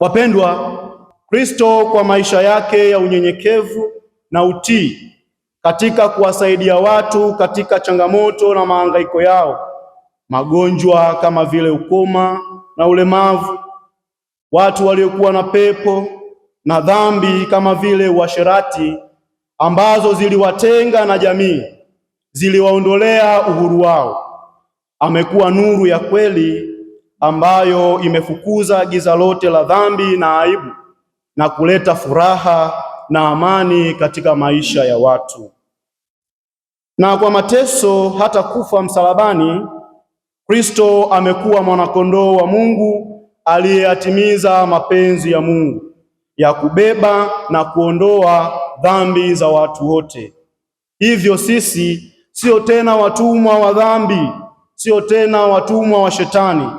Wapendwa, Kristo kwa maisha yake ya unyenyekevu na utii katika kuwasaidia watu katika changamoto na mahangaiko yao, magonjwa kama vile ukoma na ulemavu, watu waliokuwa na pepo na dhambi kama vile uasherati ambazo ziliwatenga na jamii, ziliwaondolea uhuru wao, amekuwa nuru ya kweli ambayo imefukuza giza lote la dhambi na aibu na kuleta furaha na amani katika maisha ya watu. Na kwa mateso hata kufa msalabani, Kristo amekuwa mwanakondoo wa Mungu aliyeyatimiza mapenzi ya Mungu ya kubeba na kuondoa dhambi za watu wote. Hivyo sisi sio tena watumwa wa dhambi, sio tena watumwa wa shetani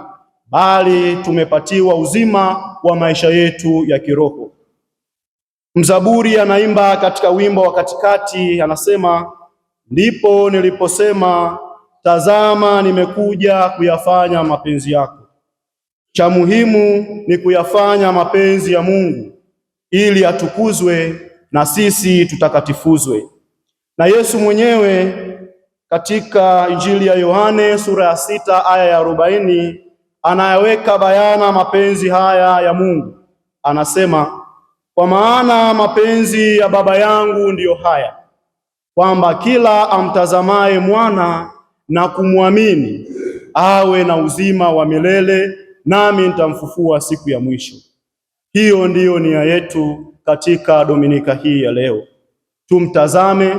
bali tumepatiwa uzima wa maisha yetu ya kiroho. Mzaburi anaimba katika wimbo wa katikati, anasema ndipo niliposema, tazama, nimekuja kuyafanya mapenzi yako. Cha muhimu ni kuyafanya mapenzi ya Mungu ili atukuzwe na sisi tutakatifuzwe. Na Yesu mwenyewe katika Injili ya Yohane sura ya sita aya ya arobaini anayaweka bayana mapenzi haya ya Mungu. Anasema, kwa maana mapenzi ya Baba yangu ndiyo haya, kwamba kila amtazamaye mwana na kumwamini awe na uzima wa milele, nami nitamfufua siku ya mwisho. Hiyo ndiyo nia yetu katika Dominika hii ya leo. Tumtazame,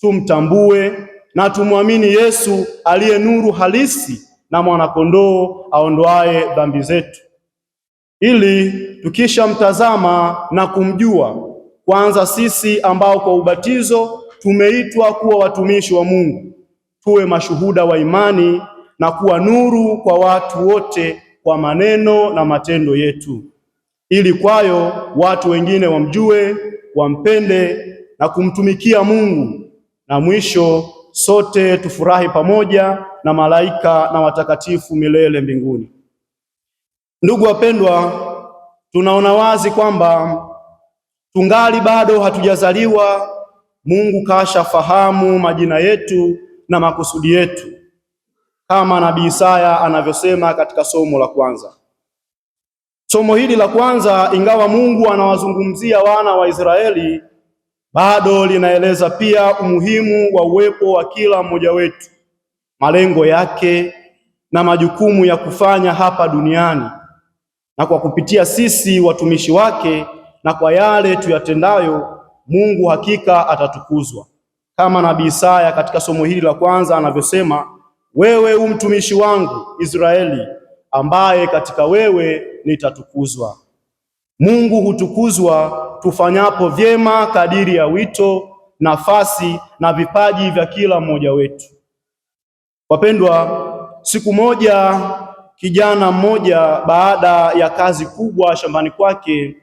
tumtambue na tumwamini Yesu aliye nuru halisi na mwanakondoo aondoaye dhambi zetu, ili tukishamtazama na kumjua kwanza, sisi ambao kwa ubatizo tumeitwa kuwa watumishi wa Mungu, tuwe mashuhuda wa imani na kuwa nuru kwa watu wote kwa maneno na matendo yetu, ili kwayo watu wengine wamjue, wampende na kumtumikia Mungu na mwisho sote tufurahi pamoja na malaika na watakatifu milele mbinguni. Ndugu wapendwa, tunaona wazi kwamba tungali bado hatujazaliwa, Mungu kasha fahamu majina yetu na makusudi yetu, kama nabii Isaya anavyosema katika somo la kwanza. Somo hili la kwanza, ingawa Mungu anawazungumzia wana wa Israeli bado linaeleza pia umuhimu wa uwepo wa kila mmoja wetu, malengo yake na majukumu ya kufanya hapa duniani, na kwa kupitia sisi watumishi wake na kwa yale tuyatendayo, Mungu hakika atatukuzwa, kama nabii Isaya katika somo hili la kwanza anavyosema, wewe u mtumishi wangu Israeli, ambaye katika wewe nitatukuzwa. Mungu hutukuzwa tufanyapo vyema kadiri ya wito, nafasi na vipaji vya kila mmoja wetu. Wapendwa, siku moja kijana mmoja baada ya kazi kubwa shambani kwake,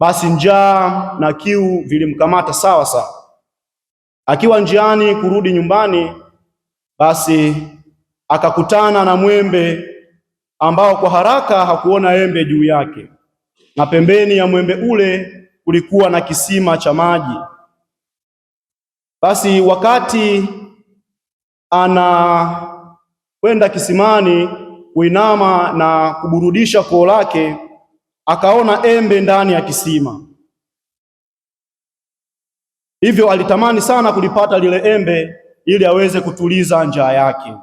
basi njaa na kiu vilimkamata sawa sawa. Akiwa njiani kurudi nyumbani, basi akakutana na mwembe ambao kwa haraka hakuona embe juu yake na pembeni ya mwembe ule kulikuwa na kisima cha maji. Basi wakati anakwenda kisimani kuinama na kuburudisha koo lake, akaona embe ndani ya kisima, hivyo alitamani sana kulipata lile embe ili aweze kutuliza njaa yake.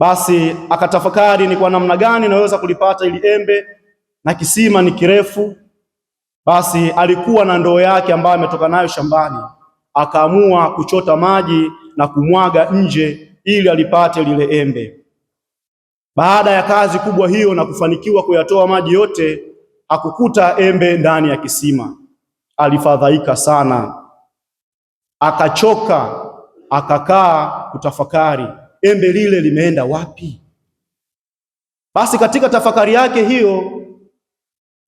Basi akatafakari ni kwa namna gani naweza kulipata ili embe na kisima ni kirefu, basi alikuwa na ndoo yake ambayo ametoka nayo shambani, akaamua kuchota maji na kumwaga nje ili alipate lile embe. Baada ya kazi kubwa hiyo na kufanikiwa kuyatoa maji yote, hakukuta embe ndani ya kisima. Alifadhaika sana, akachoka, akakaa kutafakari, embe lile limeenda wapi? Basi katika tafakari yake hiyo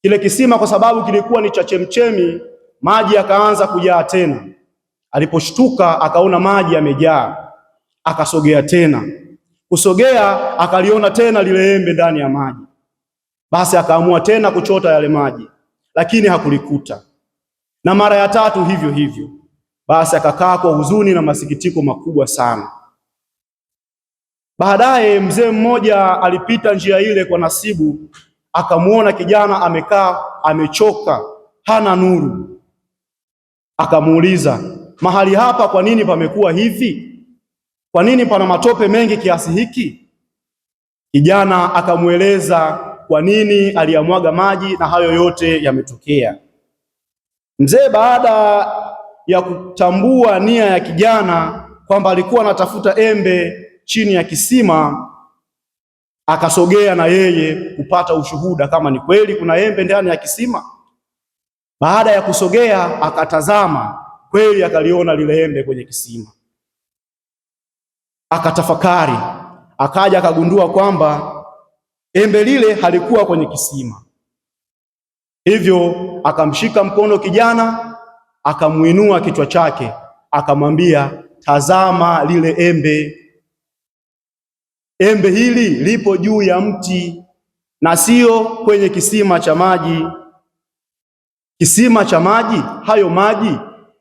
Kile kisima kwa sababu kilikuwa ni cha chemchemi, maji yakaanza kujaa tena. Aliposhtuka akaona maji yamejaa, akasogea tena. Kusogea akaliona tena lile embe ndani ya maji, basi akaamua tena kuchota yale maji, lakini hakulikuta. Na mara ya tatu hivyo hivyo, basi akakaa kwa huzuni na masikitiko makubwa sana. Baadaye mzee mmoja alipita njia ile kwa nasibu akamwona kijana amekaa amechoka, hana nuru. Akamuuliza, mahali hapa kwa nini pamekuwa hivi? Kwa nini pana matope mengi kiasi hiki? Kijana akamweleza kwa nini aliyamwaga maji na hayo yote yametokea. Mzee baada ya kutambua nia ya kijana kwamba alikuwa anatafuta embe chini ya kisima akasogea na yeye kupata ushuhuda kama ni kweli kuna embe ndani ya kisima. Baada ya kusogea akatazama, kweli akaliona lile embe kwenye kisima, akatafakari, akaja akagundua kwamba embe lile halikuwa kwenye kisima. Hivyo akamshika mkono kijana, akamuinua kichwa chake, akamwambia, tazama lile embe Embe hili lipo juu ya mti na sio kwenye kisima cha maji. Kisima cha maji, hayo maji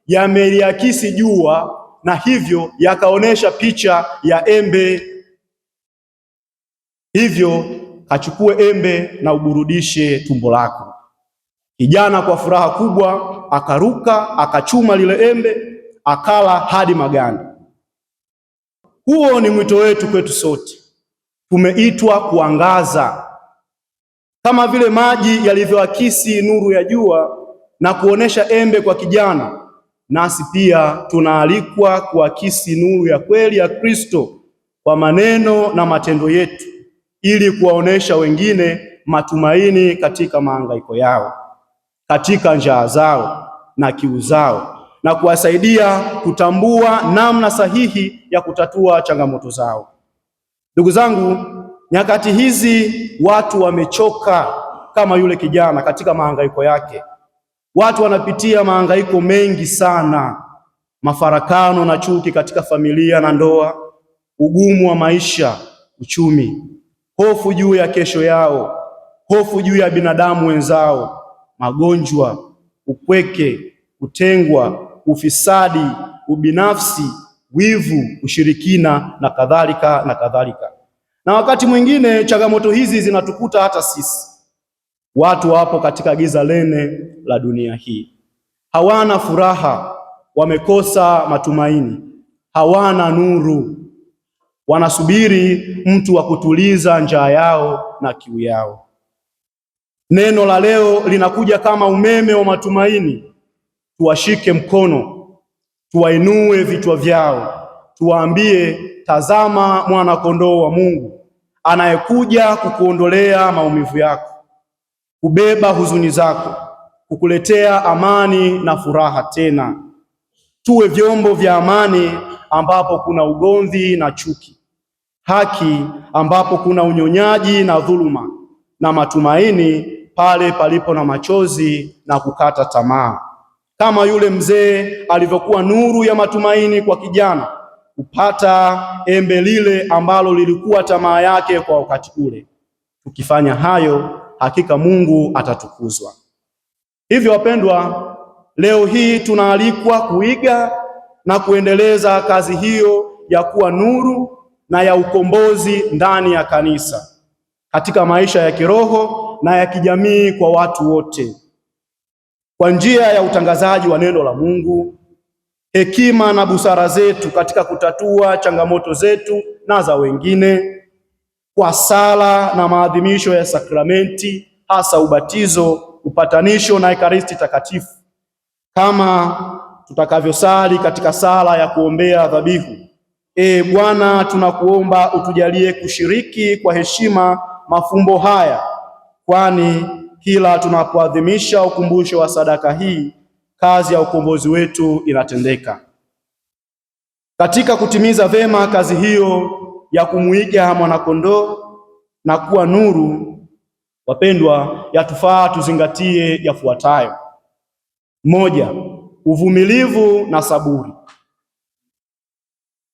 yameliakisi jua na hivyo yakaonesha picha ya embe. Hivyo achukue embe na uburudishe tumbo lako. Kijana kwa furaha kubwa akaruka akachuma lile embe akala hadi maganda. Huo ni mwito wetu kwetu sote. Tumeitwa kuangaza kama vile maji yalivyoakisi nuru ya jua na kuonesha embe kwa kijana, nasi pia tunaalikwa kuakisi nuru ya kweli ya Kristo kwa maneno na matendo yetu, ili kuwaonesha wengine matumaini katika mahangaiko yao, katika njaa zao na kiu zao, na kuwasaidia kutambua namna sahihi ya kutatua changamoto zao. Ndugu zangu, nyakati hizi watu wamechoka kama yule kijana katika mahangaiko yake. Watu wanapitia mahangaiko mengi sana, mafarakano na chuki katika familia na ndoa, ugumu wa maisha, uchumi, hofu juu ya kesho yao, hofu juu ya binadamu wenzao, magonjwa, upweke, kutengwa, ufisadi, ubinafsi wivu, ushirikina na kadhalika na kadhalika. Na wakati mwingine changamoto hizi zinatukuta hata sisi. Watu wapo katika giza lene la dunia hii, hawana furaha, wamekosa matumaini, hawana nuru, wanasubiri mtu wa kutuliza njaa yao na kiu yao. Neno la leo linakuja kama umeme wa matumaini, tuwashike mkono tuwainue vichwa vyao, tuwaambie, tazama mwana kondoo wa Mungu anayekuja kukuondolea maumivu yako, kubeba huzuni zako, kukuletea amani na furaha tena. Tuwe vyombo vya amani ambapo kuna ugomvi na chuki, haki ambapo kuna unyonyaji na dhuluma, na matumaini pale palipo na machozi na kukata tamaa kama yule mzee alivyokuwa nuru ya matumaini kwa kijana kupata embe lile ambalo lilikuwa tamaa yake kwa wakati ule. Tukifanya hayo, hakika Mungu atatukuzwa. Hivyo wapendwa, leo hii tunaalikwa kuiga na kuendeleza kazi hiyo ya kuwa nuru na ya ukombozi ndani ya kanisa, katika maisha ya kiroho na ya kijamii kwa watu wote kwa njia ya utangazaji wa neno la Mungu, hekima na busara zetu katika kutatua changamoto zetu na za wengine, kwa sala na maadhimisho ya sakramenti, hasa ubatizo, upatanisho na ekaristi takatifu, kama tutakavyosali katika sala ya kuombea dhabihu. E Bwana, tunakuomba utujalie kushiriki kwa heshima mafumbo haya, kwani kila tunapoadhimisha ukumbusho wa sadaka hii, kazi ya ukombozi wetu inatendeka. Katika kutimiza vema kazi hiyo ya kumuiga mwanakondoo na kuwa nuru, wapendwa, yatufaa tuzingatie yafuatayo: moja, uvumilivu na saburi.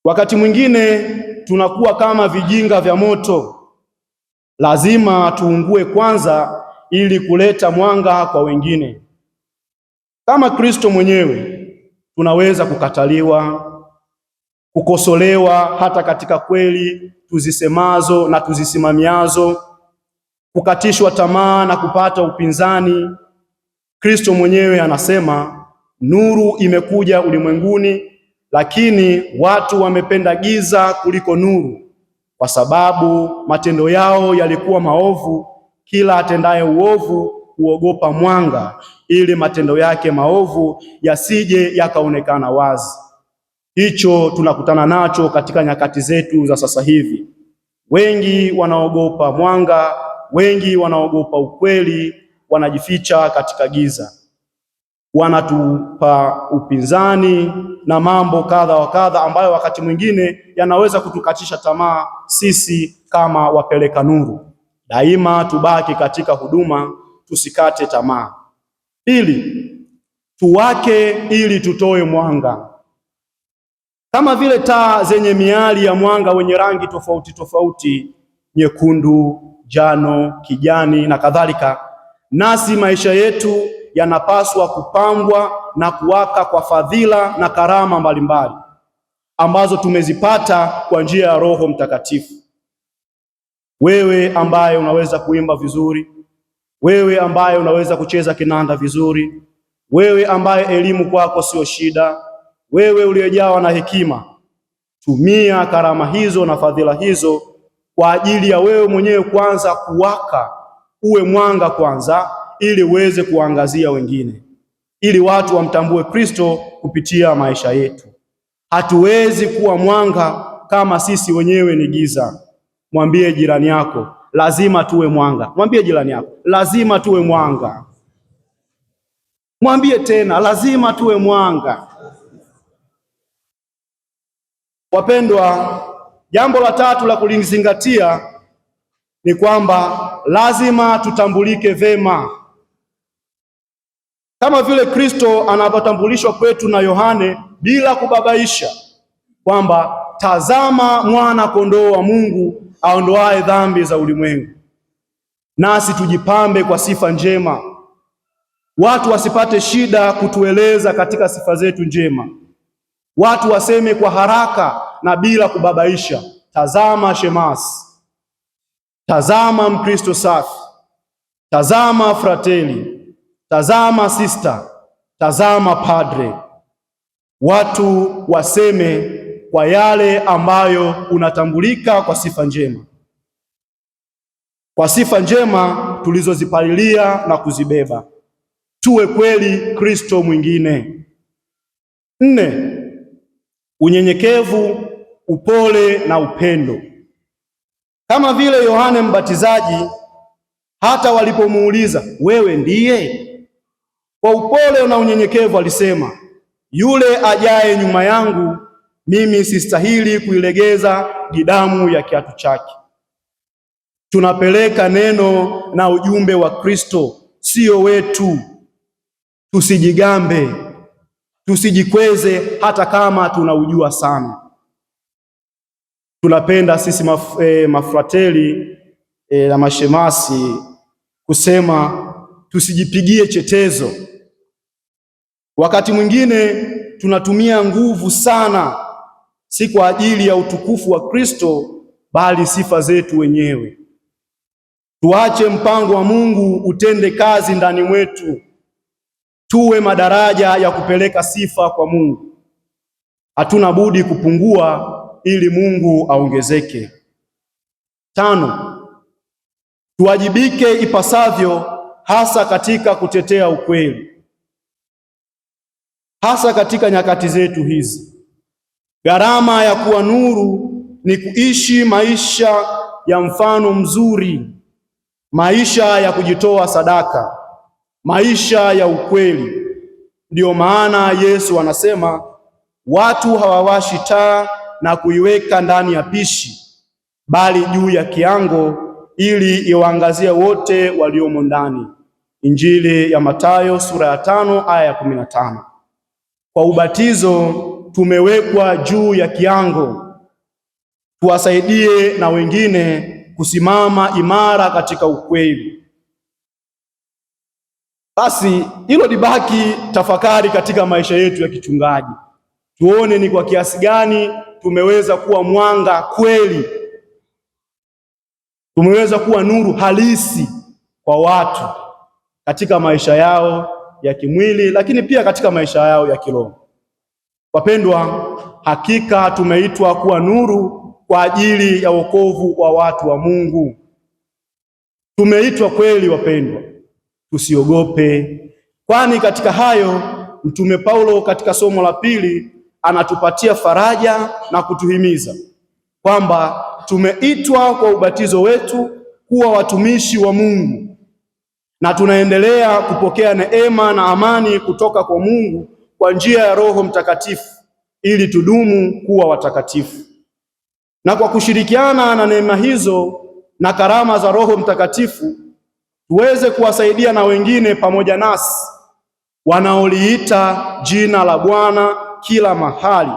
Wakati mwingine tunakuwa kama vijinga vya moto, lazima tuungue kwanza ili kuleta mwanga kwa wengine. Kama Kristo mwenyewe tunaweza kukataliwa, kukosolewa hata katika kweli tuzisemazo na tuzisimamiazo, kukatishwa tamaa na kupata upinzani. Kristo mwenyewe anasema nuru imekuja ulimwenguni, lakini watu wamependa giza kuliko nuru, kwa sababu matendo yao yalikuwa maovu kila atendaye uovu huogopa mwanga, ili matendo yake maovu yasije yakaonekana wazi. Hicho tunakutana nacho katika nyakati zetu za sasa hivi. Wengi wanaogopa mwanga, wengi wanaogopa ukweli, wanajificha katika giza, wanatupa upinzani na mambo kadha wa kadha ambayo wakati mwingine yanaweza kutukatisha tamaa sisi kama wapeleka nuru. Daima tubaki katika huduma, tusikate tamaa. Pili, tuwake ili tutoe mwanga, kama vile taa zenye miali ya mwanga wenye rangi tofauti tofauti, nyekundu, njano, kijani na kadhalika. Nasi maisha yetu yanapaswa kupambwa na kuwaka kwa fadhila na karama mbalimbali ambazo tumezipata kwa njia ya Roho Mtakatifu. Wewe ambaye unaweza kuimba vizuri, wewe ambaye unaweza kucheza kinanda vizuri, wewe ambaye elimu kwako sio shida, wewe uliyejawa na hekima, tumia karama hizo na fadhila hizo kwa ajili ya wewe mwenyewe kwanza kuwaka, uwe mwanga kwanza, ili uweze kuangazia wengine, ili watu wamtambue Kristo kupitia maisha yetu. Hatuwezi kuwa mwanga kama sisi wenyewe ni giza. Mwambie jirani yako lazima tuwe mwanga. Mwambie jirani yako lazima tuwe mwanga. Mwambie tena lazima tuwe mwanga. Wapendwa, jambo la tatu la kulizingatia ni kwamba lazima tutambulike vema, kama vile Kristo anavyotambulishwa kwetu na Yohane bila kubabaisha, kwamba tazama mwana kondoo wa Mungu aondoaye dhambi za ulimwengu. Nasi tujipambe kwa sifa njema, watu wasipate shida kutueleza katika sifa zetu njema, watu waseme kwa haraka na bila kubabaisha, tazama shemasi, tazama Mkristo safi, tazama frateli, tazama sista, tazama padre. Watu waseme kwa yale ambayo unatambulika kwa sifa njema, kwa sifa njema tulizozipalilia na kuzibeba. Tuwe kweli Kristo mwingine. Nne, unyenyekevu, upole na upendo. Kama vile Yohane Mbatizaji hata walipomuuliza wewe ndiye, kwa upole na unyenyekevu alisema, yule ajaye nyuma yangu mimi sistahili kuilegeza gidamu ya kiatu chake. Tunapeleka neno na ujumbe wa Kristo, sio wetu. Tusijigambe, tusijikweze, hata kama tunaujua sana. Tunapenda sisi maf e, mafrateli e, na mashemasi kusema tusijipigie chetezo. Wakati mwingine tunatumia nguvu sana si kwa ajili ya utukufu wa Kristo, bali sifa zetu wenyewe. Tuache mpango wa Mungu utende kazi ndani mwetu, tuwe madaraja ya kupeleka sifa kwa Mungu. Hatuna budi kupungua ili Mungu aongezeke. Tano, tuwajibike ipasavyo, hasa katika kutetea ukweli, hasa katika nyakati zetu hizi. Gharama ya kuwa nuru ni kuishi maisha ya mfano mzuri, maisha ya kujitoa sadaka, maisha ya ukweli. Ndiyo maana Yesu anasema watu hawawashi taa na kuiweka ndani ya pishi, bali juu ya kiango, ili iwaangazie wote waliomo ndani. Injili ya Mathayo sura ya tano aya ya kumi na tano. Kwa ubatizo tumewekwa juu ya kiango, tuwasaidie na wengine kusimama imara katika ukweli. Basi hilo libaki tafakari katika maisha yetu ya kichungaji, tuone ni kwa kiasi gani tumeweza kuwa mwanga kweli, tumeweza kuwa nuru halisi kwa watu katika maisha yao ya kimwili, lakini pia katika maisha yao ya kiroho. Wapendwa, hakika tumeitwa kuwa nuru kwa ajili ya wokovu wa watu wa Mungu. Tumeitwa kweli wapendwa, tusiogope, kwani katika hayo Mtume Paulo katika somo la pili anatupatia faraja na kutuhimiza kwamba tumeitwa kwa ubatizo wetu kuwa watumishi wa Mungu na tunaendelea kupokea neema na amani kutoka kwa Mungu kwa njia ya Roho Mtakatifu ili tudumu kuwa watakatifu. Na kwa kushirikiana na neema hizo na karama za Roho Mtakatifu tuweze kuwasaidia na wengine pamoja nasi wanaoliita jina la Bwana kila mahali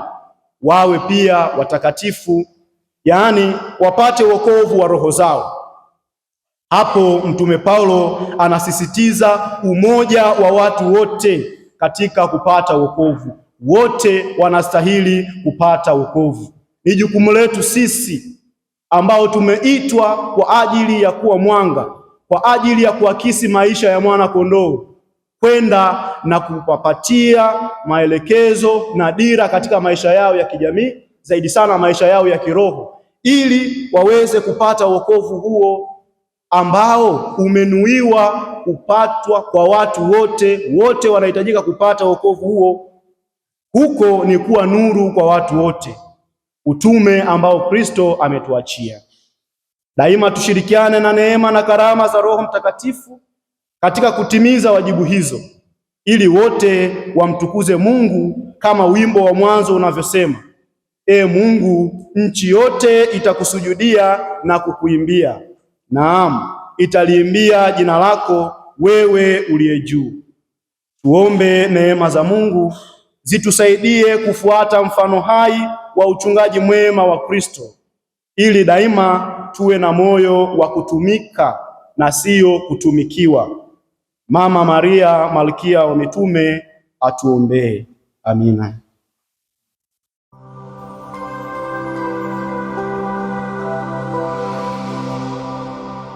wawe pia watakatifu, yaani wapate wokovu wa roho zao. Hapo Mtume Paulo anasisitiza umoja wa watu wote katika kupata wokovu. Wote wanastahili kupata wokovu. Ni jukumu letu sisi ambao tumeitwa kwa ajili ya kuwa mwanga, kwa ajili ya kuakisi maisha ya mwana kondoo, kwenda na kuwapatia maelekezo na dira katika maisha yao ya kijamii, zaidi sana maisha yao ya kiroho, ili waweze kupata wokovu huo ambao umenuiwa kupatwa kwa watu wote. Wote wanahitajika kupata wokovu huo. Huko ni kuwa nuru kwa watu wote, utume ambao Kristo ametuachia. Daima tushirikiane na neema na karama za Roho Mtakatifu katika kutimiza wajibu hizo, ili wote wamtukuze Mungu kama wimbo wa mwanzo unavyosema: E Mungu, nchi yote itakusujudia na kukuimbia naam, italiimbia jina lako wewe uliye juu. Tuombe neema za Mungu zitusaidie kufuata mfano hai wa uchungaji mwema wa Kristo, ili daima tuwe na moyo wa kutumika na siyo kutumikiwa. Mama Maria, malkia wa mitume, atuombee. Amina.